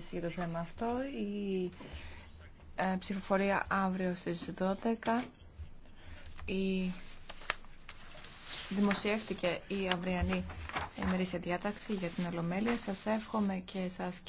συζήτηση για το θέμα αυτό. Η ε, ψηφοφορία αύριο στις 12. Η... Δημοσιεύτηκε η αυριανή ημερήσια διάταξη για την Ολομέλεια. Σας εύχομαι και σας